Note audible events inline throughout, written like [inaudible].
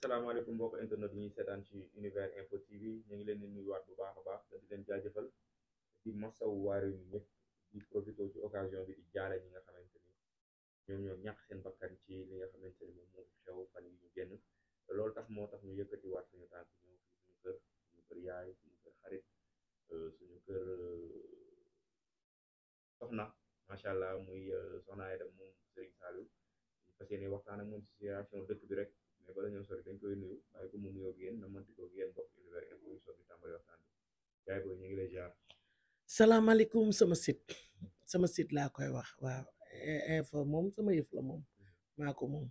asalaamaaleykum mbokk internet yi ñuy seetaan ci univers info tv ñu ngi leen di nuyuwaat bu baax a baax di leen jaajëfal di masawu waa réew mi ñëpp di profité ci occasion bi di jaale ñi nga xamante ni ñoom ñoo ñàkk seen bakkan ci li nga xamante ni moom moo xew fan yi ñu génn loolu tax moo tax ñu yëkkatiwaat suñu tànk ñëw fii suñu kër suñu kër kër euh, euh, soxna macha allah muy euh, soxna ay dem moom Serigne Saliou ñu fas waxtaan ak moom ci situation dëkk bi rek mais bala ñoo dañ koy nuyu bàyyi ko mu nuyoo ngi lay jaar. sama sit sama site laa koy wax waaw e-, info moom sama yëf la moom maa ko moom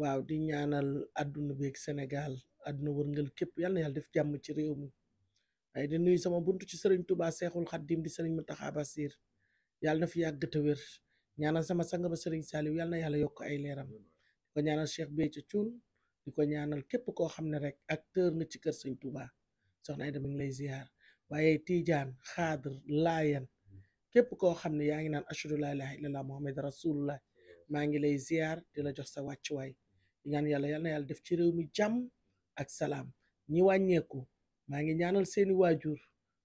waaw di ñaanal adduna beeg Sénégal adduna wërngal képp yal na yàlla def jàmm ci réew mi waaye di nuyu sama buntu ci sëriñ Touba Seexul Xaddim di sëriñ Mountakha Bassir yàlla na fi yàgg te wér ñaanal sama sang ba sëriñ Saliou yàlla na yàlla yokk ay leeram ko ñaanal Cheikh Béthio Thioune di ko ñaanal képp koo xam ne rek acteur nga ci kër sëñ Touba soxna Aida mi ngi lay ziar waaye tiijaan xaadir laayan képp koo xam ne yaa ngi naan ashhadu laa ilaaha illallah muhammad rasulullah maa ngi lay ziar dina jox sa wàccuwaay di ñaan yàlla yal yàlla def ci réew mi jàmm ak salaam ñi wàññeeku maa ngi ñaanal seeni waajur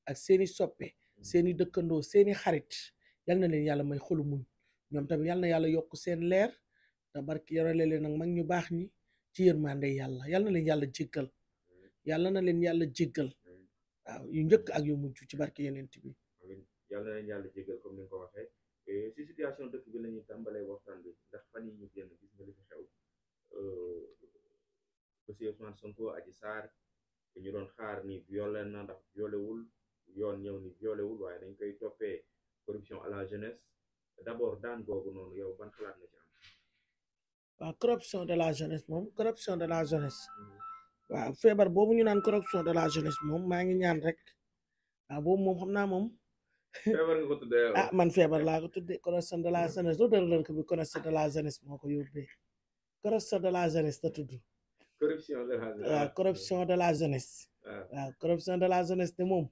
ak seeni soppe seeni dëkkandoo seeni xarit yal na leen yàlla may xolu muñ ñoom tamit yal na yàlla yokk seen leer te barki yorale leen nag mag ñu baax ñi ci yërmande yàlla yàlla na leen yàlla jéggal yàlla na leen yàlla jéggal waaw yu njëkk ak yu mujj ci barke yenent bi yàlla na leen yàlla jéggal comme ni ko waxee si situation dëkk bi la ñuy tàmbalee waxtaan bi ndax fan yi ñu génn gis nga li fi xew dossier euh, Ousmane Sonko Adji Sarr ñu doon xaar ni violé na ndax violéwul yoon ñëw ni violéwul waaye dañ koy toppee corruption à la jeunesse d'abord daan googu noonu yow ban xalaat nga ci waaw corruption de la jeunesse moom corruption de la jeunesse waaw feebar boobu ñu naan corruption de la jeunesse moom maa ngi ñaan rek waaw boobu moom xam naa moom. feebar man feebar laa ko tuddee corruption de la jeunesse lu dal lënk bi corruption de la jeunesse moo ko yóbbee corruption de la jeunesse da tudd. corruption de la jeunesse waaw de la jeunesse. corruption de la jeunesse moom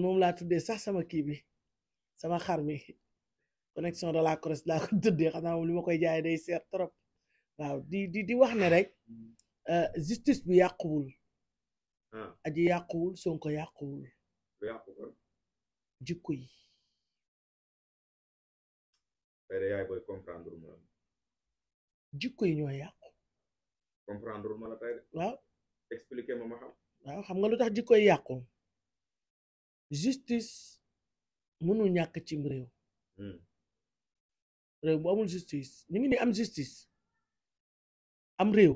moom laa tuddee sax sama kii bi sama xar mi connexion de la corruption laa ko tuddee li ma koy jaay day seer trop. waaw di di di wax ne rek hmm. euh, justice bi yàquwul ah. aji yàquwul Sonko yàquwul jikko yi yi ñoo yàqu comprendre ma la tey waaw xam nga lu tax jikko yi yàqu justice mënul ñàkk cim réew hmm. réew bu amul justice ñu ngi ni am justice am réew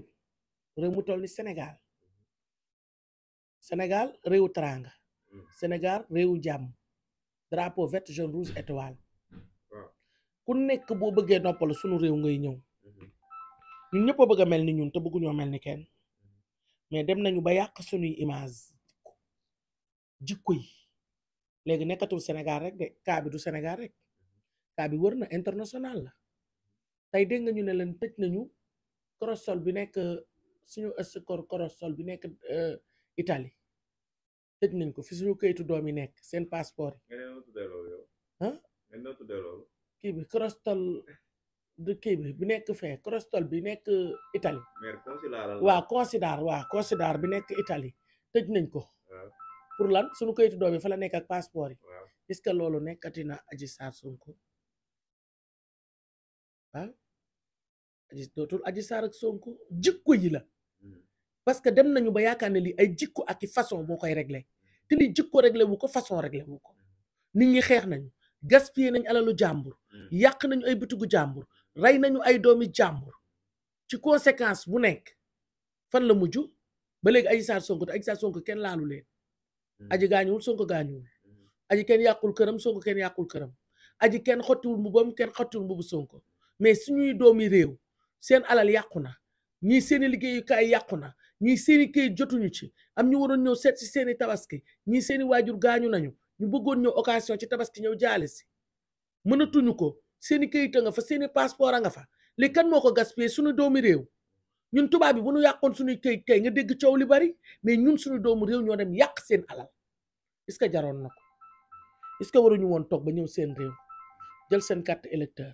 réew mu toll ni Sénégal réewu teraanga Sénégal réewu jàmm drapeau vert jaune rouge étoile ku nekk boo bëggee noppal sunu réew ngay ñëw mhm. ñu ñëpp a bëgg a mel ni ñun te bëgguñoo mel ni kenn mais dem nañu ba yàq sunuy image jikko yi léegi nekkatul Sénégal rek de kaa du Sénégal rek kaa mhm. bi wër na international la tey dégg nga ñu ne leen tëj nañu. corossol bi nekk suñu ëskor corossol bi nekk euh, Italie tëj nañ ko fi suñu kayitu doom yi nekk seen passeport yi kii bi crostol de bi bi nekk fee crostol bi nekk Italie waa considère waa considère bi nekk itali tëj nañ ko pour lan suñu kayitu doom yi fa la nekk ak passeport yi est-ce que loolu nekkati na Adji Sarr Sonko aji dootul aji saar ak sonko jikko yi la hmm. parce que dem nañu ba yaakaar ne lii ay jikko ak i façon boo koy réglé te lii jikko réglé wu ko façon réglé wu ko hmm. nit ñi xeex nañu gaspillé nañu alalu jàmbur hmm. yàq nañu ay bitigu jàmbur rey nañu ay doomi jàmbur ci conséquence bu nekk fan la mujj ba léegi aji saar sonko te aji saar sonko kenn laalu leen aji gaañuwul sonko gaañuwul aji kenn yàqul këram sonko kenn yàqul këram aji kenn xottiwul mbubam kenn xottiwul mbubu sonko mais suñuy doomi seen alal yàqu na ñii seeni liggéeyukaay yàqu na ñii seeni këyit jotuñu ci am ñu waroon ñëw seet si seeni tabaski ñii seeni waajur gaañu nañu ñu bëggoon ñëw occasion ci tabaski ñëw jaale si mënatuñu ko seeni këyit a nga fa seeni passeport a nga fa li kan moo ko gaspillé suñu doomi réew ñun tubaab bi bu ñu yàqoon suñuy këyit tey nga dégg coow li bari mais ñun suñu doomu réew ñoo dem yàq seen alal est-ce que jaroon na ko est-ce que waruñu woon toog ba ñëw seen réew jël seen carte électeur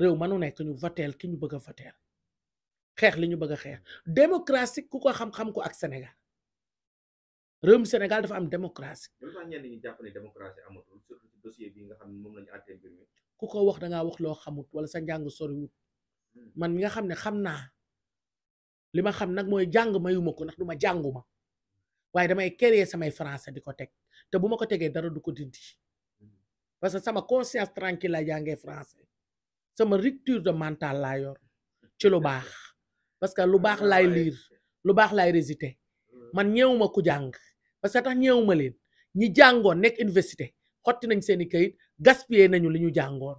réew manu nekk ñu voteel ki ñu bëgg a xeex li ñu bëgg xeex démocratie ku ko xam-xam ko ak Sénégal réewum Sénégal dafa am démocratie. ku ko wax da wax loo xamut wala sa njàng soriwut hmm. man mi nga xam ne xam naa li ma xam nag mooy jàng mayuma ko ndax du ma jànguma waaye damay créer samay français di ko teg te bu ma ko tegee dara du ko dindi hmm. parce que sama conscience tranquille la jàngee français sama rupture de mental laa yor ci lu baax parce que lu baax laay [laughs] liir lu baax laay réciter man ñeewuma ku jàng parce que tax ñeewuma leen ñi jàngoon nekk université xotti nañ seen i kayit gaspillé nañu li ñu jàngoon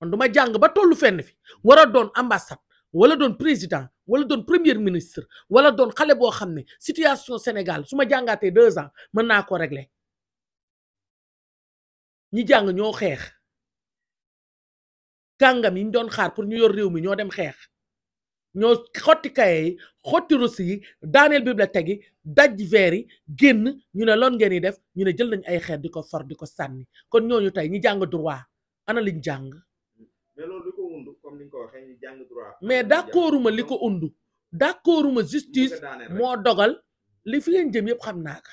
man du ma jàng ba tollu fenn fi war a doon ambassade wala doon président wala doon premier ministre wala doon xale boo xam ne situation Sénégal su ma jàngaatee deux ans mën naa ko régler ñi jàng ñoo xeex kàngam yi ñu doon xaar pour ñu yor réew mi ñoo dem xeex ñoo xotti kaye yi xotti russi yi daaneel bibliothèque yi daj veer yi génn ñu ne loon ngeen yi def ñu ne jël nañ ay xeer di ko for di ko sànni kon ñooñu tey ñi jàng droit ana liñ jàng. mais loolu li ko undu comme ni ko waxee ñi jàng droit. mais li ko undu d'accorduma justice moo dogal li fi ngeen jëm yëpp xam naa ko.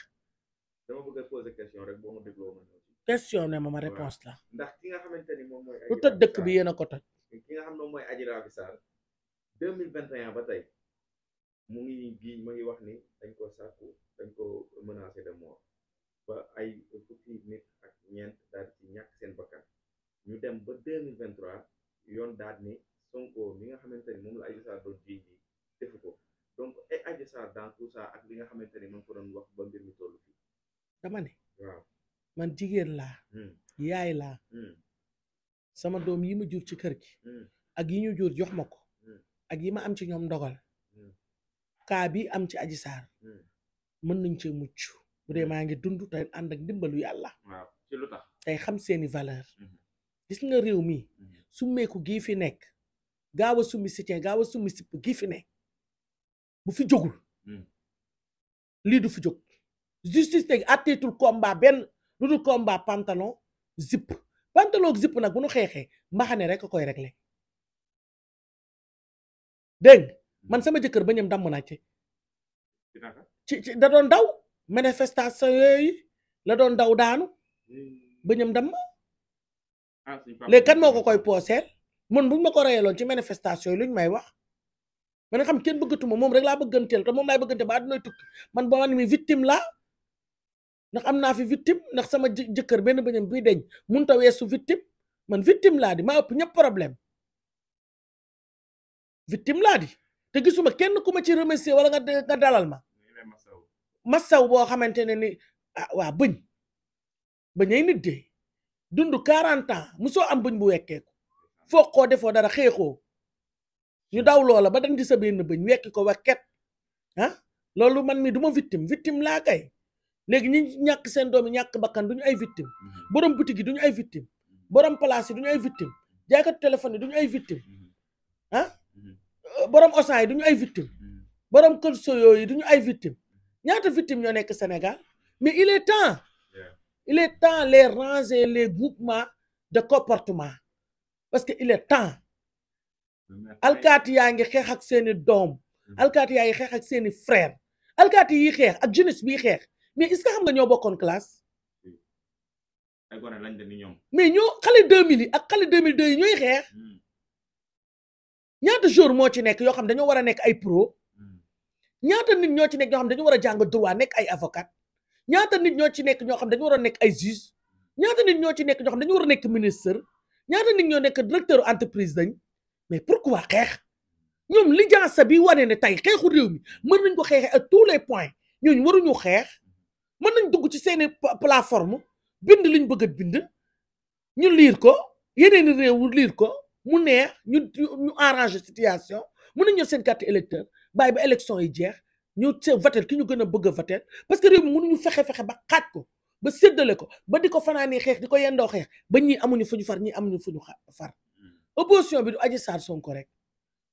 rek boo question ne ma ma réponse la. ndax ki nga xamante ni moom mooy. lu tëj bi yéen a ko toj. ki nga xam ne moom mooy Adji Raby mille vingt et ba tey mu ngi gii ma wax ni dañ ko sàkku dañ ko menacé de mort ba ay fukki nit ak ñeent ñàkk seen bakkan ñu dem ba deux mille yoon daal ni Sonko mi nga xamante ni moom la Adji Sarr doon jiiñ bi defu ko donc ay Adji Sarr dans tout ça ak bi nga xamante ni moom ko doon wax ba mbir mi toll fii dama ne waaw man jigéen laa hmm. yaay laa hmm. sama doom yi ma jur ci kër gi hmm. ak yi ñu jur jox ma ko ak yi ma am ci ñoom ndogal kaa bi am ci aji Sarr mën nañ cee mucc bu dee maa ngi dund tey ànd ak ndimbalu yàlla ci xam seeni valeur gis nga réew mi summeeku gii fi nekk gaaw a summi sitien gaaw a summi sipp gii fi nekk bu fi jógul lii du fi jóg justice teg atteetul combat benn lu dul combat pantalon zip pantalon ak nag bu nu xeexee mbaxane rek koy réglé dégg hmm. man sama jëkkër ba ñam damm naa ci ci ci doon daw manifestation yooyu la doon daw daanu ba ñam dam léegi kan moo ko koy pooseel man buñ ma ko reyeloon ci manifestation yi lu ñu may wax man nga xam kenn bëggatuma moom rek laa bëgganteel te moom laay bëggante ba àdduna tukki man ba man mi victime laa ndax am naa fi victime ndax sama jëkkër benn bañam buy deñ mun ta weesu victime man victime laa di maa ëpp ñëpp problème victime laa te gisuma kenn ku ma ci remercier wala nga dalal ma masaw boo xamante ne ni ah waa bëñ bañay nit dee dund quarante ans musoo am bëñ bu wekkeeku foog koo defoo dara xeexoo ñu daw loola ba dañ di sa benn bëñ wekki ko waket ah loolu man mi du ma victime victime laa kay léegi ñi ñàkk seen doom yi ñàkk bakkan du ñu ay victime mhm. borom boutique yi du ñu ay victime borom place yi du ñu ay victime jaaykatu téléphone yi du ñu ay victime mhm. ah mhm. Euh, borom osan yi du ñu ay vittim borom kër soyo yi du ñu ay victime ñaata victime ño nekk Sénégal mais il est temps il est temps les ranger les groupements de comportement parce que il est temps alkaati yaa ngi xeex ak seeni doom alkaati ya ngi xeex ak seeni frère alkaati yi xeex ak jeunesse bi xeex mais est-ce que xam nga ñoo bokkoon classe. ay ñoom. mais ñoo xale 2000 yi ak xale 2002 yi ñooy xeex. Hmm. ñaata jour moo ci nekk yoo xam dañoo war a nekk ay pro. Hmm. ñaata nit ñoo ci nekk ñoo xam dañu war a jàng nekk ay avocat. ñaata nit ñoo ci nekk ñoo xam dañu war a nekk ay juge. ñaata nit ñoo ci nekk ñoo xam war a nekk ministre. ñaata nit ñoo nekk directeur entreprise dañ mais pourquoi xeex ñoom li jaasa bi wane ne tey xeexu réew mi mën nañ ko xeexee à tous les points ñooñu waruñu xeex. mën nañ dugg ci seeni plateforme bind liñ bëgg bind ñu liir ko yeneen réew liir ko mu neex ñu ñu situation mën nañ ñëw seen carte électeur bàyyi ba élection yi jeex ñu voter ki ñu gën a bëgg a parce que réew mi mënuñu fexe-fexe ba xaaj ko ba séddale ko ba di ko fanaani xeex di ko yendoo xeex ba ñii amuñu fu ñu far ñii amuñu fu ñu far hmm. opposition bi du Adji Sarr Sonko rek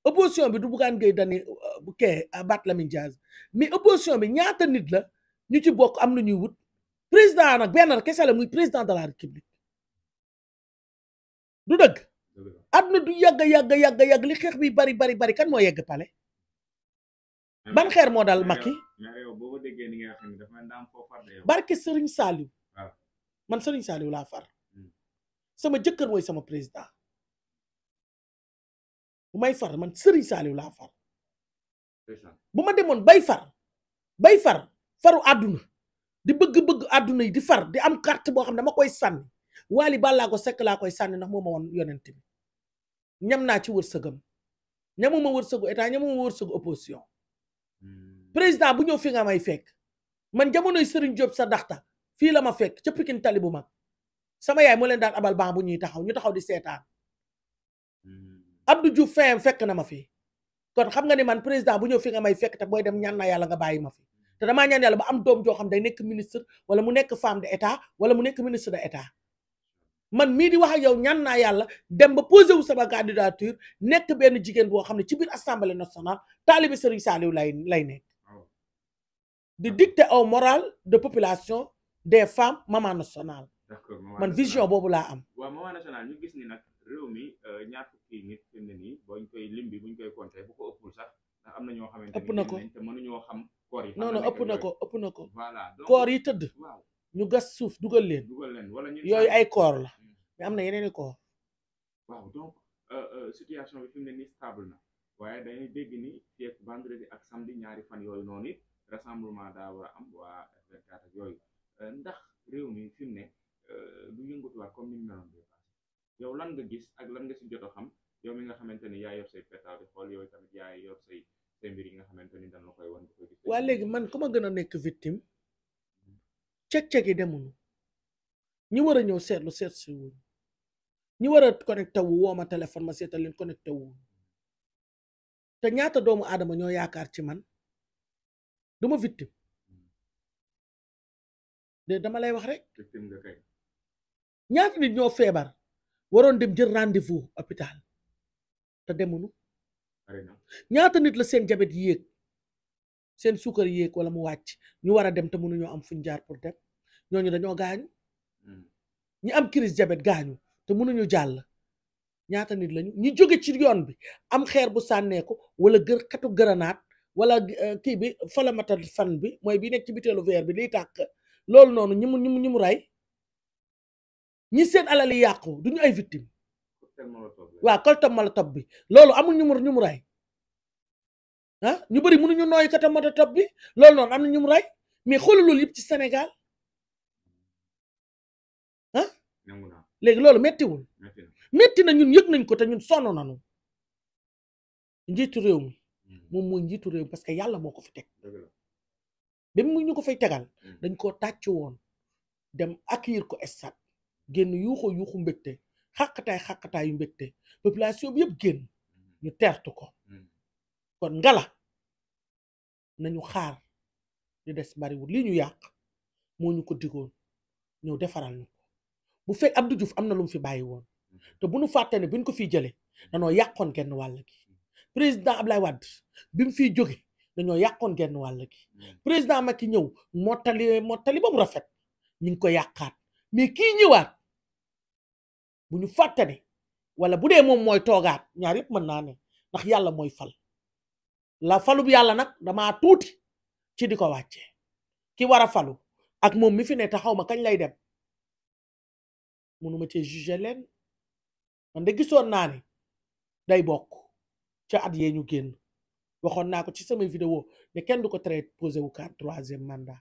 opposition bi du Bougane Gueye Dany euh, kee euh, Barthélémy Dias mais opposition bi ñaata nit la ñu ci bokk am lu ñuy wut président nag benn kese la muy président de la république du dëgg àdduna du yàgg yàgg yàgg yàgg li xeex bi bari bari bari kan moo yegg pale ban xeer moo dal Macky barke Sëriñ Saaliw man Sëriñ Saaliw laa far sama jëkkër mooy sama président bu may far man Sëriñ Saaliw laa far bu ma demoon bay far bay far faru àdduna di bëgg-bëgg àdduna yi di far di am carte boo xam ne dama koy sànni ballaa ko sekk laa koy sànni ndax moo ma woon yonent bi ñam naa ci wërsëgam ñamuma wërsëgu état ñamuma wërsëgu opposition hmm. président bu ñëw fi nga may fekk man jamonoy sëriñ Diop sa daxta fii la ma fekk ca Pikine tali bu mag sama yaay moo leen daal abal baa bu ñuy taxaw ñu taxaw di seetaan hmm. Abdou Diouf feyam fekk na ma fi kon xam nga ni man président bu ñëw fi nga may fekk te booy dem ñaan yàlla nga bàyyi ma fi te damaa ñaan yàlla ba am doom joo xam nekk ministre wala mu nekk femme de état wala mu nekk ministre de état man mii di wax ak yow ñaan naa yàlla dem ba posé wu sama candidature nekk benn jigéen boo xam ne ci biir assemblée nationale taalibe Serigne Saliou lay lay nekk di dicter au moral de population des femmes maman nationale man vision boobu laa am. waaw maman nationale ñu gis ni nag réew mi euh, ñaar sax. am na ñoo xamante ëpp na ko te mënuñoo xam koor yi ëpp na ko ëpp na ko voilà koor yi tëdd ñu gas suuf dugal leen dugal wala ñu yooyu ay koor la hmm. mais am na yeneen i koor waaw donc euh, euh, situation bi fi mu ne nii stable na waaye dañuy dégg ni fii ak vendredi ak samedi ñaari fan yooyu noonu it rassemblement am waa F24 ak yooyu euh, ndax réew mi fi mu ne du yëngatuwaat yow lan nga gis ak lan nga si jot a xam yow mi nga xamante ni yaa yor say pétaw di xool yooyu tamit yaa yor say yi nga xamante ni dañ la koy wan waa léegi man ku ma gën a nekk victime ceg-ceg yi demuñu ñi war a ñëw seetlu seet si ñi war a connecté wu woo ma téléphone ma seetal leen connecté wu te ñaata doomu aadama ñoo yaakaar ci man duma ma victime dama lay wax rek ñaata nit ñoo feebar waroon dem jël rendez-vous hôpital te demuñu ñaata nit la seen jabet yéeg seen suukar yéeg wala mu wàcc ñu war a dem te mënuñoo am fu ñu jaar pour dem ñooñu dañoo gaañu hmm. ñi am crise jabet gaañu te mënuñu jàll ñaata nit lañu ñi jóge ci yoon bi am xeer bu sànneeku wala gër xetu gëranaat wala euh, kii bi falamatal fan bi mooy bi nekk ci biteelu verre bi liy tàkk loolu noonu ñi mu ñi ñi seen alal yi yàqu duñu ay victime waaw cocktail molotov bi loolu amul ñumur ñumuraay ah ñu bëri mënuñu nooy cocktail molotov bi loolu noonu am ñumuraay mais xoolal loolu yëpp ci Sénégal ah léegi loolu méttiwul métti na ñun yëg nañ ko te ñun sonn nañu njiitu réew mi hmm. moom mooy njiitu réew mi parce que yàlla moo ko fi teg ba mu ñu ko fay tegal hmm. dañ koo tàcc woon dem accueillir ko stade génn yuuxoo yuuxu mbégte xàqataay xàqataay yu mbégte population bi yëpp génn mm-hmm. ñu teertu ko mm-hmm. kon ngala nañu xaar di des bariwul li ñu yàq moo ñu ko digoon ñëw defaral ñu ko bu fekk Abdou Diouf am na lu mu fi bàyyi woon mm-hmm. te bu nu fàtte ne buñ ko fiy jëlee dañoo yàqoon genn wàll gi président Ablaye Wade bi mu fiy jóge dañoo yàqoon genn wàll gi président Macky ñëw mottali mottali ba mu rafet ñu ngi ko yàqaat mais kii ñëwaat. bu ñu fàtte ne wala bu dee moom mooy toogaat ñaar yëpp mën naa ne ndax yàlla mooy fal la falub yàlla nag damaa tuuti ci di ko wàcce ki war a falu ak moom mi fi ne taxaw ma kañ lay dem mënuma cee jugé leen man de gisoon naa ne day bokk ci at yee ñu génn waxoon naa ko ci samay video ne kenn du ko traité posé wu carte troisième mandat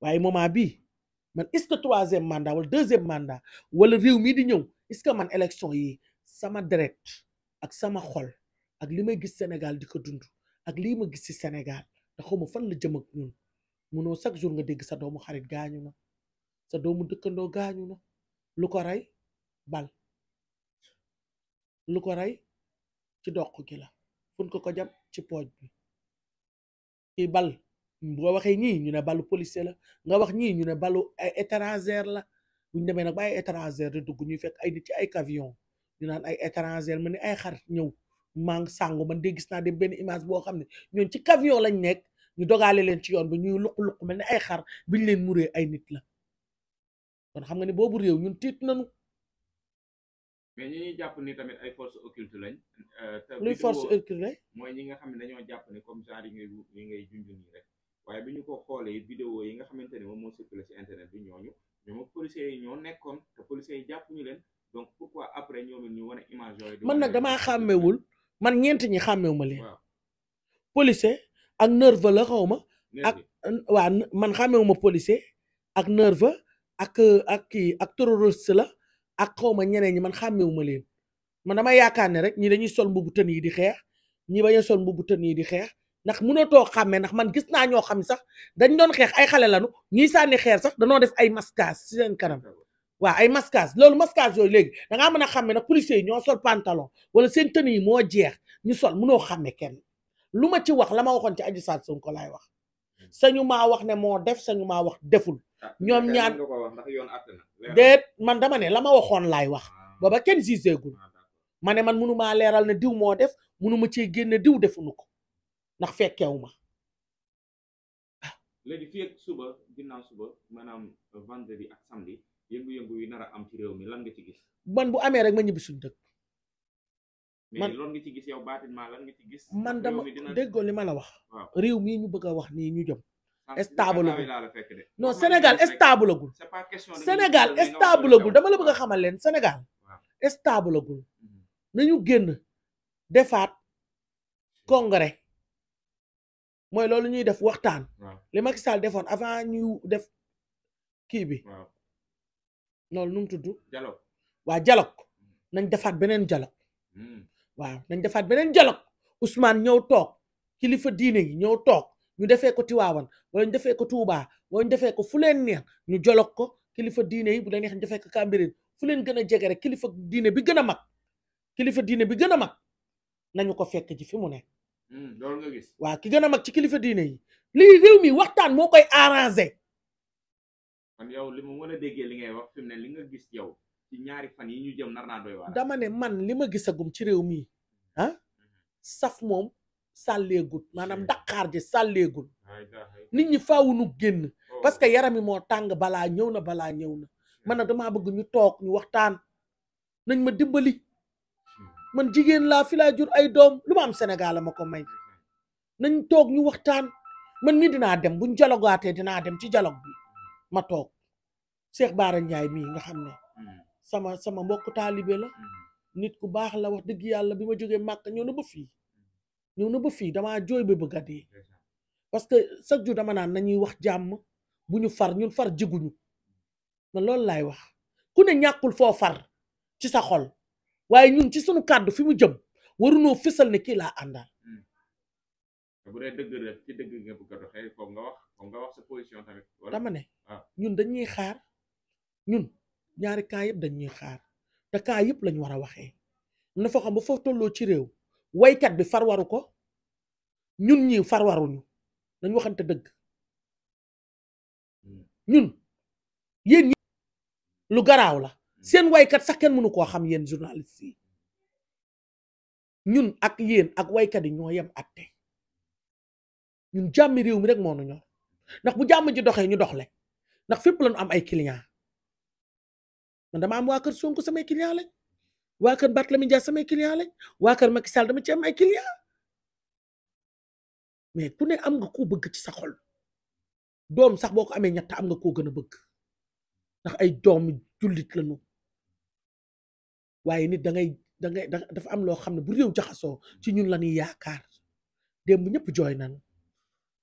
waaye moment bii man est-ce que troisième mandat wala deuxième mandat wala réew mii di ñëw est-ce que man élection yi sama deret ak sama xol ak li may gis Sénégal di ko dund ak lii ma gis ci Sénégal da xaw ma fan la jëm ak ñun munoo chaque jour nga dégg sa doomu xarit gaañu na sa doomu dëkkandoo gaañu na lu ko ray bal lu ko ray ci doq gi la fun ko ko jam ci pooj bi kii bal boo waxee ñii ñu ne ballu policier la nga wax ñii ñu ne ballu ay la bu ñu demee nag ba ay étranger di dugg ñuy fekk ay nit ci ay camion ñu naan ay étranger ma ne ay xar ñëw maa ngi sàngu man de gis naa de benn image boo xam ne ñoon ci camion lañ nekk ñu dogaale leen ci yoon bi ñuy luq-luq mel ni ay xar biñ leen muree ay nit la kon xam nga ne boobu réew ñun tiit nañu. ma ñi ñuy jàpp ni tamit ay force occulte lañ. Euh, luy force occulte mooy ñi nga xam ne dañoo jàpp ne comme genre waaye bi ñu ko xoolee vidéo yi nga xamante ne moom moo circulé ci internet bi ñooñu ñoom ak policiers yi ñoo nekkoon te policiers yi jàppuñu leen donc pourquoi après ñoom it ñu wane man nag damaa xàmmewul man ñeent ñi xàmmewuma leen. waaw policier ak nerveux la xaw ma. ak waa man xàmmewuma policier ak nerveux ak ak kii ak terroriste la ak xaw ma ñeneen ñi man xàmmewuma leen man damay yaakaar ne rek ñi dañuy sol mbubu tën yi di xeex ñi bañ a sol mbubu tën yi di xeex. ndax mënatoo xàmmee ndax man gis naa ñoo xam sax dañ doon xeex ay xale lanu ñuy sànni xeer sax dañoo def ay masquage si seen kanam waaw ay masquage loolu masquage yooyu léegi da ngaa mën a xàmmee na policiers yi ñoo sol pantalon wala seen tenue yi moo jeex ñu sol mënoo xàmmee kenn lu ma ci wax la ma waxoon ci Adji Sarr Sonko laay wax hmm. sañu maa wax ne moo def sañu maa wax deful ah, ñoom ñaan déet man dama ne la ma waxoon laay wax ah. booba kenn gisegul ah, ma ne man mënumaa leeral ne diw moo def mënuma cee génne diw defuñu ko ndax fekkew ma ah, léegi fii suba maanaam vendredi ak samedi yëngu-yëngu yi nar a am ci réew mi lan nga ci gis man bu amee rek ma ñibbi suñ dëkk man loolu nga ci gis yow nga ci gis man dama déggoo ma la wax réew mii ñu bëgg a wax nii ñu jëm estabulagul non Sénégal estabulagul Sénégal estabulagul dama la bëgg a xamal leen Sénégal estabulagul mhm. nañu génn defaat congrès mooy loolu ñuy def waxtaan. li mag Sall defoon avant ñu def kii bi. loolu nu mu tudd. dialogue waa dialogue nañ defaat beneen dialogue. Hmm. waaw nañ defaat beneen dialogue Ousmane ñëw toog kilifa diine yi ñëw toog ñu defee ko Tiwaawan wala ñu defee ko tuubaa wala ñu defee ko fu leen neex ñu jolook ko kilifa diine yi bu la neex ñu defee ko Cambérène fu leen gën a jege rek kilifa diine bi gën a mag kilifa diine bi gën a mag nañu ko fekk ji fi mu ne waa hmm, nga gis ki gën a mag ci kilifa diine yi lii réew mi waxtaan moo koy arrangé. man li ma mën a li ngay gis yow ci ñaari fan yi ñu jëm dama ne man li ma gisagum ci réew mi ah saf moom sàlleegul maanaam daqaar ji sàlleegul nit ñi faaw nu génn. Oh. parce que yaram yi moo tàng balaa ñëw na balaa ñëw na. man nag damaa bëgg ñu toog ñu waxtaan nañ ma dimbali. man jigéen laa filaa jur ay doom lu ma am Sénégal ma ko may nañ toog ñu waxtaan man ni dinaa dem buñ jalogaatee dinaa dem ci jalog ma toog Cheikh Bara ñaay mii nga xam ne sama sama mbokk taalibe la nit ku baax la wax dëgg yàlla bi ma jógee màkk ñëw na ba fii ñëw na ba fii dama jooy ba bëgg a dee parce que chaque jour dama naan nañuy wax jàmm bu ñu far ñu far jiguñu man loolu laay wax ku ne ñàkkul foo far ci sa xol waaye ñun ci sunu kàddu fi mu jëm warunoo fësal ne kii laa àndaal. Hmm. tamit. ne ah. ñun dañuy xaar ñun ñaari cas yëpp dañuy xaar te cas yëpp lañ war a waxee na fa xam ba foofu tolloo ci réew woykat bi farwaru ko ñun ñi farwaruñu dañ waxante dëgg hmm. ñun yéen ñi lu garaaw la seen waykat sax kenn mënu koo xam yéen journaliste yi ñun ak yéen ak waykat yi ñoo yem atte ñun jàmmi réew mi rek moo nu ñor ndax bu jàmm ji doxee ñu doxle ndax fépp lañu am ay client man dama am waa kër Sonko samay client lañ waa la mi Dias samay client lañ waa kër Macky Sall dama ci am ay client mais ku ne am nga koo bëgg ci sa doom sax boo ko amee ñett am nga koo gën a bëgg ndax ay doomi jullit lañu waaye nit da ngay da ngay dafa am loo xam ne bu réew jaxasoo ci ñun la ñuy yaakaar démb ñëpp jooy nan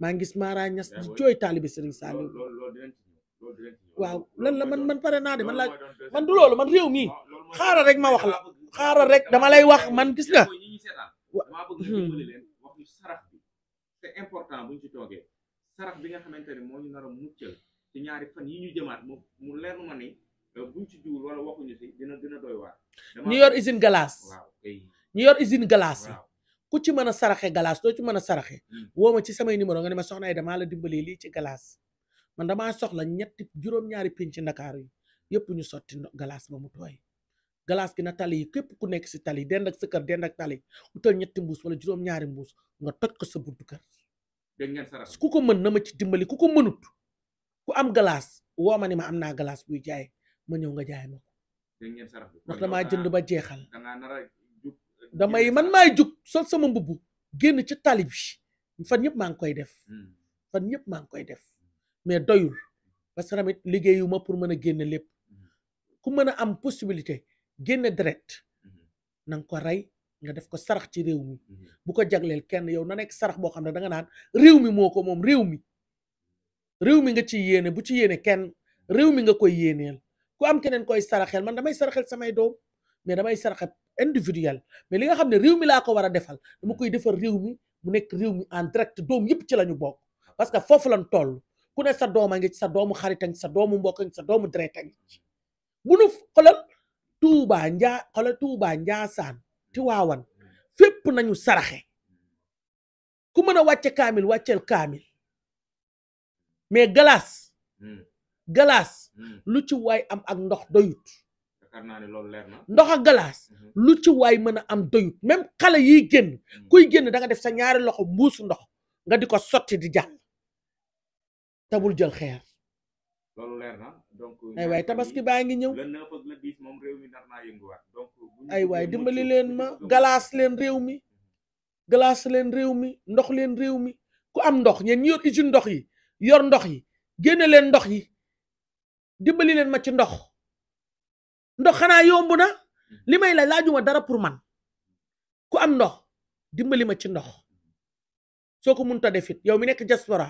maa ngi gis Mara Niass di jooy taalibi Serigne Saliou waaw lan la man man pare naa de man laa man du loolu man réew mii xaaral rek ma wax la xaaral rek dama lay wax man gis nga hmm. c'est important buñ ci toogee sarax bi nga xamante ne moo ñu nar a ñaari fan yi ñu jëmaat mu mu leer ma ni mais yor usine glace. waaw ñu yor usine glace. ku ci mën a saraxe glace doo ci mën a saraxe. Hmm. woo ma ci samay numéro nga ne ma soxna yi damaa la dimbalee lii ci glace. man damaa soxla ñetti juróom-ñaari pinc Ndakaaru yi yëpp ñu sotti glace ba mu tooy. glace gi na tali képp ku nekk si tali dend ak sa kër dend ak ñetti mbuus wala juróom-ñaari mbuus nga toj ko sa buntu kër. dégg ku ko mën na ma ci dimbali ku ko mënut ku am glace woo ma ni ma am naa glace buy jaay ma ñëw nga jaay ma ko ndax damaa jënd ba jeexal damay man maay jug sol sama mbubu génn ci tali fan yëpp maa ngi koy def hmm. fan yëpp maa ngi koy def mais doyul parce que tamit liggéeyu ma pour mën a génne lépp hmm. ku mën a am possibilité génne deret hmm. na ko rey nga def ko sarax ci réew mi bu ko jagleel kenn yow na nekk sarax boo xam ne da nga naan réew mi moo ko moom réew mi réew mi nga ci yéene bu ci yéene kenn réew mi nga koy yéeneel ku am keneen koy saraxel man damay saraxel samay doom mais damay saraxe individuel mais li nga xam ne réew mi laa ko war a defal dama koy defal réew mi mu nekk réew mi en direct doom yëpp ci la ñu bokk parce que foofu lan toll ku ne sa doom a ngi ci sa doomu xarit a ngi ci sa doomu mbokk a ngi ci sa doomu deret a ngi ci bu nu xolal Touba Njaa xolal Touba Njaasaan Tiwaawan fépp nañu saraxe ku mën a wàcce kaamil wàcceel kaamil mais glace hmm. galaas hmm. lu ci waay am ak ndox doyut ndox ak galaas hmm. lu ci waay mën a am doyut même xale yiy génn hmm. kuy génn da def sa ñaari loxo mbuusu ndox nga di ko sotti di jàll tabul jël xeer loolu leer na donc ay waay tabaski baa ngi ñëw le moom réew mi naa yënguwaat ay waay dimbali leen ma galaas leen réew mi galaas leen réew mi ndox leen réew mi ku am ndox ñeen ñi yor usine ndox yi yor ndox yi génne leen ndox yi dimbali leen ma ci ndox ndox xanaa yomb na li may la laajuma dara pour man ku am ndox dimbali ma ci ndox soo ko mënut ta defit it yow mi nekk diaspora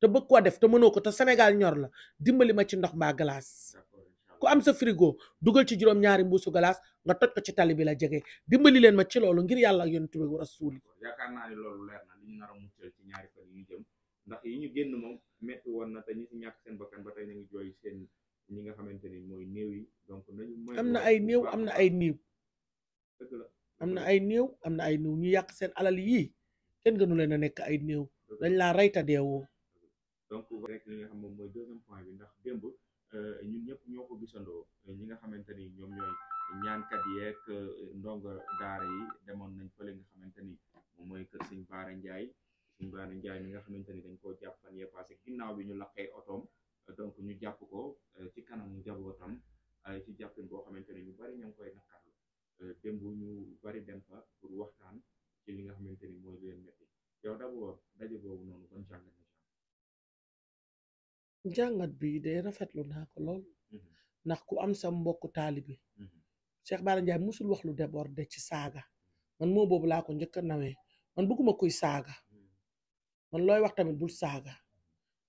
te bëgg koo def te mënoo ko te Sénégal ñor la dimbali ma ci ndox mbaa galaas ku am sa frigo dugal ci juróom-ñaari mbuusu glace nga toj ko ci tali bi la jege dimbali leen ma ci loolu ngir yàlla yen yonent bi a mucc ci ñaari fan jëm ndax yi ñu génn moom metti woon na te ci seen bakkan ba tey ñu seen ñi nga xamante ni mooy néew yi donc nañu am na ay néew am na ay néew dëgg am na ay néew am na ay néew ñu yàq seen alal yii kenn gënu leen a nekk ay néew dañ laa rey te deewoo donc rek nga xam moom mooy deuxième point bi ndax démb euh, ñun ñëpp ñoo ko gisandoo ñi nga xamante ni ñoom ñooy ñaankat yeeg euh, ndongo daara yi demoon nañ fële nga xamante ni moom mooy kër sëñ Baara Ndiaye suñu Ibrahima Ndiaye nga xamante ni dañ koo jàpp fan yee passé bi ñu lakkay otoom donc ñu jàpp ko euh, ci kanamu njabootam euh, ci jàppin boo xamante ne ñu bari ña ngi koy naqarlu euh, ñu bari waxtaan ci nga xamante ni mooy leen boobu noonu ban jàngat bi de rafetlu naa ko lool mm-hmm. ndax ku am sa mbokku taalibe mm-hmm. Cheikh Bara Ndiaye musul wax lu débordé ci saaga man moo boobu laa ko njëkk a nawee man bëgguma kuy saaga man looy wax tamit bul saaga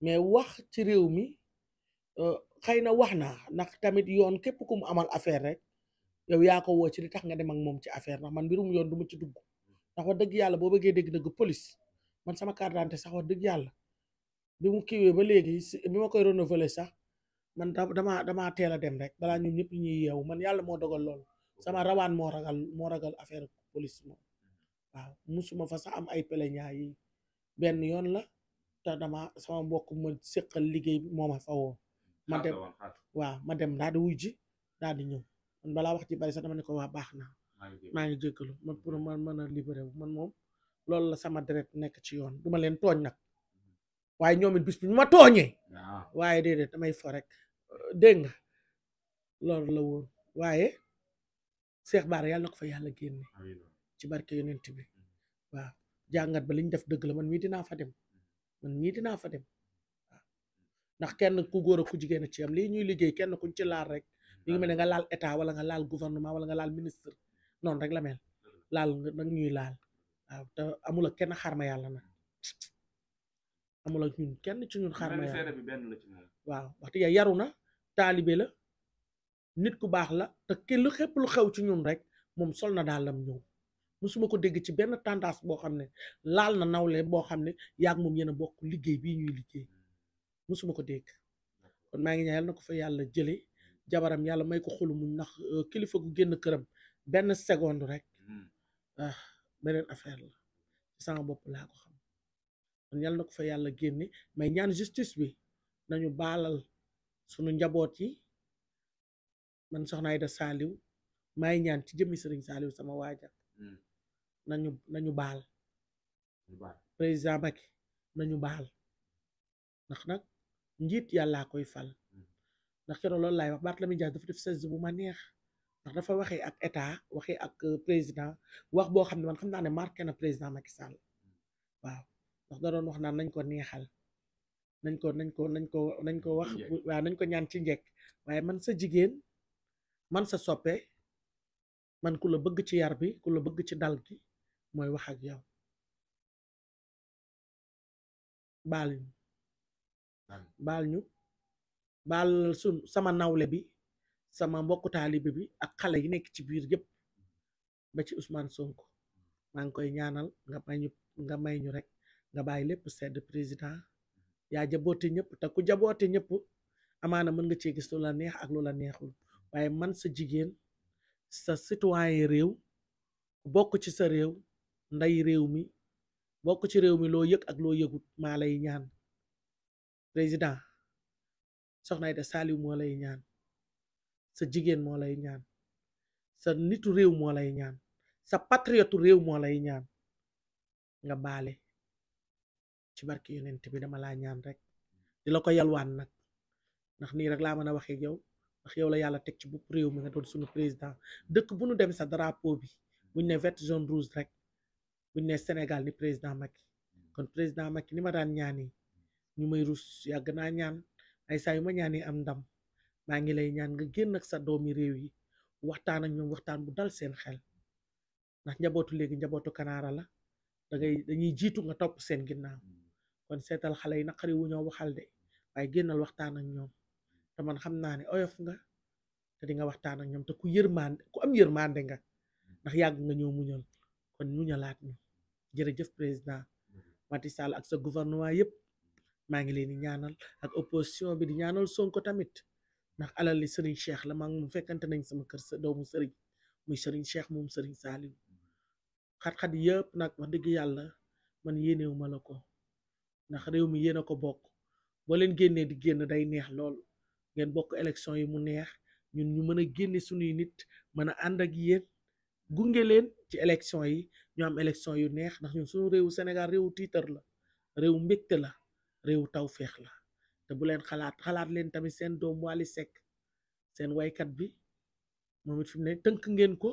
mais wax ci réew mi euh, xëy na wax naa ndax tamit yoon képp ku mu amal affaire rek yow yaa ko woo ci li tax nga dem ak moom ci affaire ndax man mbirum yoon duma ci dugg ndax wax dëgg yàlla boo bëggee dégg dëgg police man sama carte d'identité sax wax dëgg yàlla bi mu kiiwee ba léegi bi ma koy renouveler sax man damaa damaa teel a dem rek balaa ñu ñëpp ñuy yeewu man yàlla moo dogal loolu sama rawaan moo ragal moo ragal affaire police moom waaw musuma fa am ay plaignant yi benn yoon la te dama sama mbokk ma séqal liggéey bi moo ma fa woo ma dem waaw ma dem daal di wuy ji daal di ñëw balaa wax ci bari sax dama ne ko waa baax na maa ngi jéggalu ma pour man mën a libéré wu moom loolu la sama deret nekk ci yoon duma leen tooñ nag mm-hmm. waaye ñoom it bis bu ma tooñee ah. waaye déedéet damay fo rek euh, dégg nga loolu la woon waaye Cheikh Bara yàlla na ko fa yàlla génne ci barke yonent bi mm-hmm. waaw jàngat ba liñ def dëgg la man mii dinaa fa dem mm-hmm. man dinaa fa dem ndax kenn ku góor a ku jigéen a ci am lii ñuy liggéey kenn kuñ ci laal rek li mm-hmm. ngi mel ne nga laal état wala nga laal gouvernement wala nga laal ministre mm-hmm. noonu rek la mel laal nag ñuy laal waaw te amula kenn xarma yàlla na amula ñun kenn ci ñun xarma yàlla waaw wax dëgg yaru na taalibe la nit ku baax la te kenn lu xépp lu xew ci ñun rek moom sol na daalam ñëw musuma ko dégg ci benn tendance boo xam ne laal na nawle boo xam ne yaag moom yéen bokk liggéey bii ñuy liggéey hmm. musuma ko dégg kon maa ngi ñaan yàlla na ko fa yàlla jële hmm. jabaram yàlla may ko xolu mu ndax euh, kilifa gu génn këram benn seconde rek hmm. ah la sama bopp laa ko na ko fa yàlla génne may ñaan justice bi nañu baalal sunu njaboot yi man soxna Aida Saliou maay ñaan ci jëmmi Sëriñ Saliou sama waaja nañu nañu baal président Macky nañu baal ndax nag njiit yàllaa koy fal hmm. ndax keroog loolu laay wax Barthélémy Dias dafa def seize bu ma neex dafa waxee ak état waxee ak euh, président wax boo xam ne man xam naa ne marqué na président Macky Sall hmm. waaw ndax da doon wax naan nañ ko neexal nañ ko nañ ko nañ ko nañ ko wax waaw nañ ko ñaan ci njekk waaye man sa jigéen man sa soppe man ku la bëgg ci yar bi ku la bëgg ci dal gi mooy wax ak yow baal ñu baal ñu baal su sama nawle bi sama mbokku taalibe bi ak xale yi nekk ci biir yëpp ba ci Ousmane Sonko maa ngi koy ñaanal nga may ñu nga rek nga bàyyi lépp sedd président yaa jaboote ñëpp te ku jaboote ñëpp amaana mën nga cee gis lu la neex ak lu la neexul waaye man sa jigéen sa citoyen réew bokk ci sa réew nday réew mi bokk ci réew mi loo yëg ak loo yëgut maa lay ñaan président soxna Aïda Saliou moo lay ñaan sa jigéen moo lay ñaan sa nitu réew moo lay ñaan sa patriote réew moo lay ñaan nga baale ci barki yonent bi dama laa ñaan rek di la ko yalwaan nag ndax nii rek laa mën a waxee yow ndax yow la yàlla teg ci bopp réew mi nga doon sunu président dëkk bu nu dem sa drapeau bi buñ ne vert jaune rouge rek bu ñu ne Sénégal ni président Macky mm. kon président Macky ni ma daan ñaan yi ñu may rus yàgg naa ñaan ay saa yu ma ñaan yi am ndam maa ngi lay ñaan nga génn ak sa doomi réew yi waxtaan ak ñoom waxtaan bu dal seen xel ndax njabootu léegi njabootu kanaara la da ngay dañuy jiitu nga topp seen ginnaaw mm. kon seetal xale yi naqari wu ñoo waxal de waaye génnal waxtaan ak ñoom te man xam naa ne oyof nga te di nga waxtaan ak ñoom te ku yërmande ku am yërmande nga mm. ndax yàgg nga ñëw muñal kon muñalaat ñu jërëjëf président mm-hmm. Macky Sall ak sa gouvernement yëpp maa ngi leen di ñaanal ak opposition bi di ñaanal Sonko tamit ndax alal li Serigne Cheikh la maa ngi mu fekkante nañ sama kër sa doomu Serigne muy Serigne Cheikh moom Serigne Saliou mm-hmm. xat-xat yëpp nag wax dëgg yàlla man yéenewu ma la ko ndax réew mi yéen a ko bokk boo leen génnee di génn day neex lool ngeen bokk élection yi mu neex ñun ñu mën a génne suñuy nit mën a ànd ak yéen gunge leen ci élection yi ñu am élection yu neex ndax ñu suñu réewu Sénégal réewu tiitar la réewu mbégte la réewu tawféex la te bu leen xalaat xalaat leen tamit seen doom Wally Seck seen waykat bi moom it fi mu ne tënk ngeen ko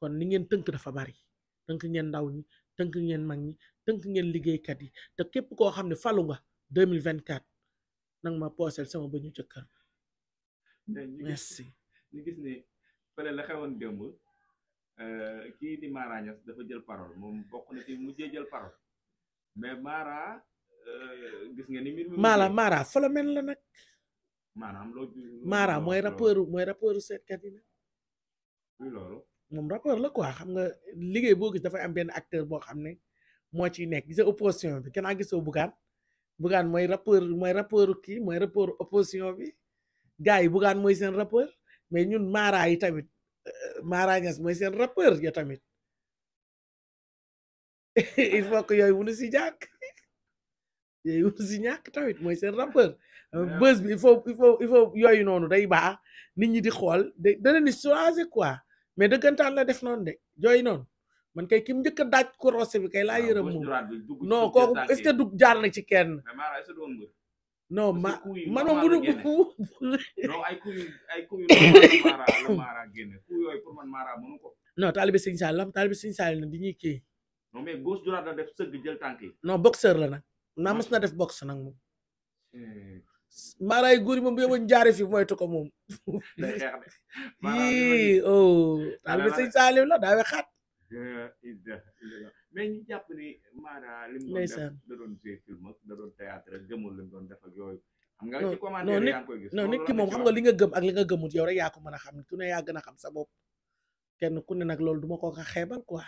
kon ni ngeen tënk dafa bari tënk ngeen ndaw ñi tënk ngeen mag ñi tënk ngeen liggéeykat yi te képp koo xam ne falu nga 2024 nag ma pooseel sama bëñu jëkkër merci ñu gis ne fële la xewoon démb Euh, kii di Mara dafa jël moom bokk na ci mais Mara euh, gis nga ni mbir mi. la nag. maanaam loo Mara mooy rappeur mooy rappeur seetkat yi moom rappeur la quoi xam nga liggéey boo gis dafa am benn acteur boo xam ne moo ci nekk gis opposition bi kenn gisoo Bougane Bougane mooy rappeur mooy rappor kii mooy rappeur opposition bi gars yi Bougane mooy seen rappeur mais ñun Mara yi tamit. Mara mooy seen rappeur ya tamit [laughs] il faut que yooyu wunu si jàkk tamit mooy seen rappeur buzz bi il faut il faut il noonu day baax nit ñi di xool da dana choisir quoi mais dëggantaan la def noonu de yooyu noonu man kay ki mu njëkk a daaj bi kay laa ah, yërëm moom non kooku est-ce que jaar na ci kenn non ma ma noonu bu non ay kuy ay kuy [laughs] la Mara génne kuy yooyu la taalibe di ñuy kii. non mais la def sëgg jël tànk yi. na def boxe nag moom. Eh. Mara yi góor yi moom bu yóbbu njaare fi moytu ko moom. [laughs] yii oh taalibe Sëñ Saal la daa wexaat. Eh, mais ñu jàpp ni Mara da doon jouer film ak da ak yooyu xam nga ci commentaire yaa gis non nit ki moom xam nga li nga gëm ak li nga gëmut yow rek yaa ko mën a xam ku ne yaa na xam sa bopp kenn ku ne nag loolu duma ko ko xeebal quoi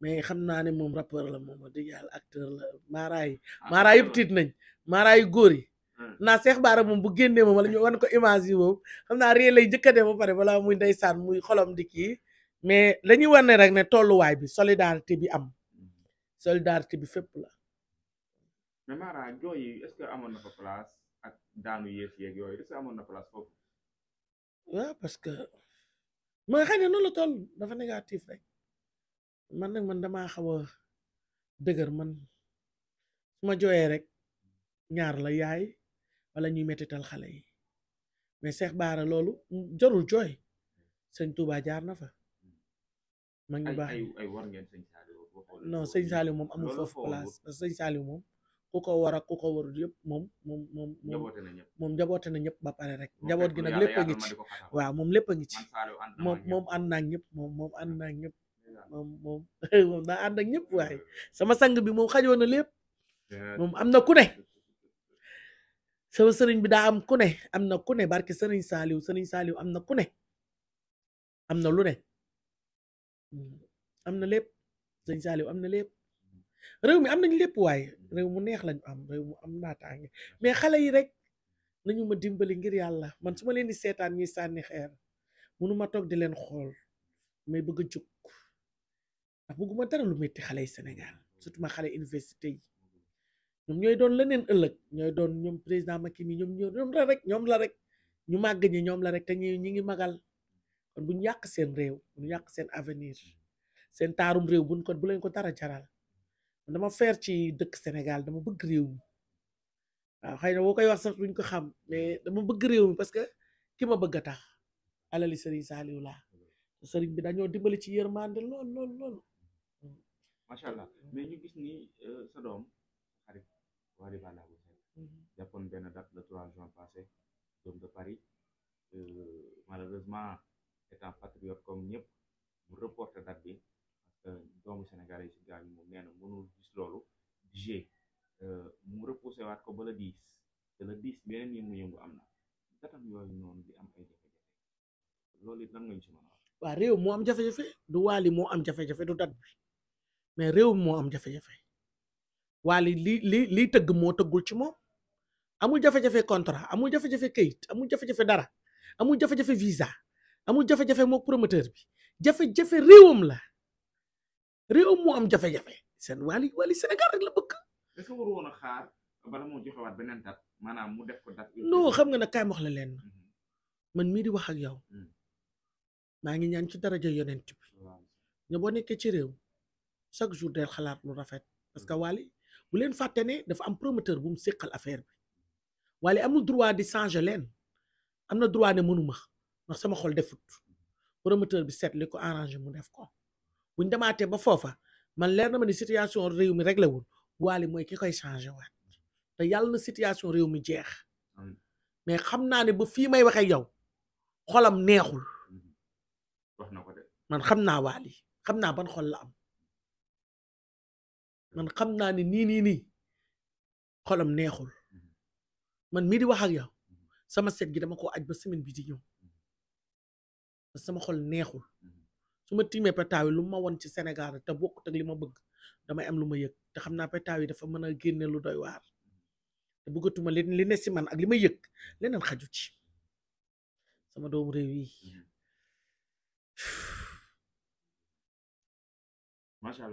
mais xam naa ne moom rappeur la moom dëgg yàlla acteur la Mara yi ah, Mara yëpp tiit nañ Mara yu góor yi hmm. naa Cheikh Bara moom bu génnee moom wala ñu wan ko image yi moom xam naa rée lay njëkk dem def ba pare balaa muy saan muy xolom di kii mais dañuy wan ne rek ne tolluwaay bi solidarité bi am solidarité bi fépp la. mais Mara jooy yi est-ce que amoon na fa place ak daanu yéef yeeg yooyu est-ce que amoon na place foofu. waaw parce que man xëy na noonu la toll dafa négatif rek man nag man damaa xaw a dëgër man su ma jooyee rek ñaar la yaay wala ñuy mettital xale yi mais Cheikh Bara loolu jarul jooy sëñ Touba jaar na fa. ma ngi baax ay ay war no sëñ Saliou moom amul foofu place parce que sëñ Saliou moom ku ko war ku ko warul yëpp moom moom moom moom njaboote na ñëpp ba pare rek njaboot gi nag lépp a ngi ci waaw moom lépp a ngi ci moom moom ànd ñëpp moom moom ànd naa ñëpp [laughs] moom daa ànd ak ñëpp waaye sama sang bi moom xajoon na lépp moom am na ku ne sama sëriñ bi daa am ku ne am na ku ne barke sëriñ Saliou sëriñ Saliou am na ku am na lu mm. na lépp sëñ Saliou am na lépp réew mi am nañ lépp waaye réew mu neex lañu am réew mu am naataange mais xale yi rek nañu ma dimbali ngir yàlla man su ma leen di seetaan ñuy sànni xeer mënuma toog di leen xool may bëgg a bëgguma dara lu xale yi Sénégal surtout ma xale université yi ñoom ñooy doon leneen ëllëg ñooy doon ñoom président Macky mi ñoom ñoom la rek ñoom la rek ñu màgg ñi ñoom la rek te ñi ñi ngi magal kon bu ñu yàq seen réew bu ñu yàq seen avenir seen taarum réew buñ ko bu leen ko dara jaral dama feer ci dëkk Sénégal dama bëgg réew mi waaw xëy na boo koy wax sax duñ ko xam mais dama bëgg réew mi parce que ki ma bëgg a tax alali Serigne Saliou laa sëriñ bi dañoo dimbali ci yërmande lool lool lool. allah mais ñu gis ni euh, sa doom xarit Wally Ballago Seck mhm. jàppoon benn date le 3 juin passé doom de Paris euh, malheureusement étant patriote comme ñëpp mu reporté date bi. Euh, doomu Sénégal yi si gaañu moom nee na mënul gis loolu digé euh, diis te la diis beneen yëngu yëngu am na datam yooyu am loolu it lan nga ñu waa réew moo am jafe-jafe du waali moo am jafe-jafe du dat bi mais réew moo am jafe-jafe waali li li liy tëgg moo tëggul ci moom amul jafe-jafe contrat amul jafe-jafe kayit amul jafe-jafe dara amul jafe-jafe visa amul jafe-jafe mook promoteur bi jafe-jafe réewam la. réew moo am jafe seen Wally Wally Sénégal rek la bëgg. est-ce que waru woon a xaar mu def ko date. non nga nag kaay la leen mhm. man mii di wax ak yow mm. maa ngi ñaan ci daraja yonent bi boo nekkee ci réew chaque jour del xalaat lu rafet parce que mm. Wally bu leen fàtte dafa am promoteur bu mu affaire bi Wally amul droit di changer leen am na droit ne mënuma ndax sama xol defut mm. promoteur bi seet li ko arrangé mu def ko. buñ demaatee ba foofa man leer na ma ni situation réew mi réglé wul waali mooy ki koy changé waat te yàlla na situation réew mi jeex mais xam naa ne ba fii may waxee yow xolam neexul wax na ko man xam naa waali xam naa ban xol la am man xam naa ne nii nii nii xolam neexul man mii di wax yow sama seet gi dama ko aj ba semaine bi di ñëw sama xol neexul su ma tiimee Petaw yi lu ma won ci Sénégal te bokkut ak li ma bëgg damay am lu ma yëg te xam naa Petaw yi dafa mën a génne lu doy waar te bëggatuma li ne si man ak li ma yëg leneen ci sama doomu réew yi hmm. macha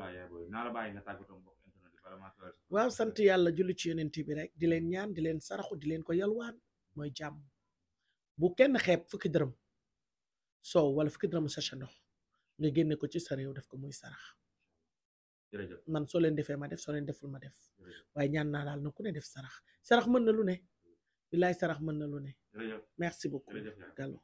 waaw sant yàlla julli ci yonent bi rek di leen ñaan di leen saraxu di leen ko yalwaan mooy jàmm bu kenn xeeb fukki dërëm soow wala fukki dërëm sachet ndox nga génne ko ci sa réew def ko muy sarax man soo leen defee ma def soo leen deful ma def waaye ñaan naa laal na ku ne def sarax sarax mën na lu ne billaay sarax mën na lu ne merci beaucoup Gallo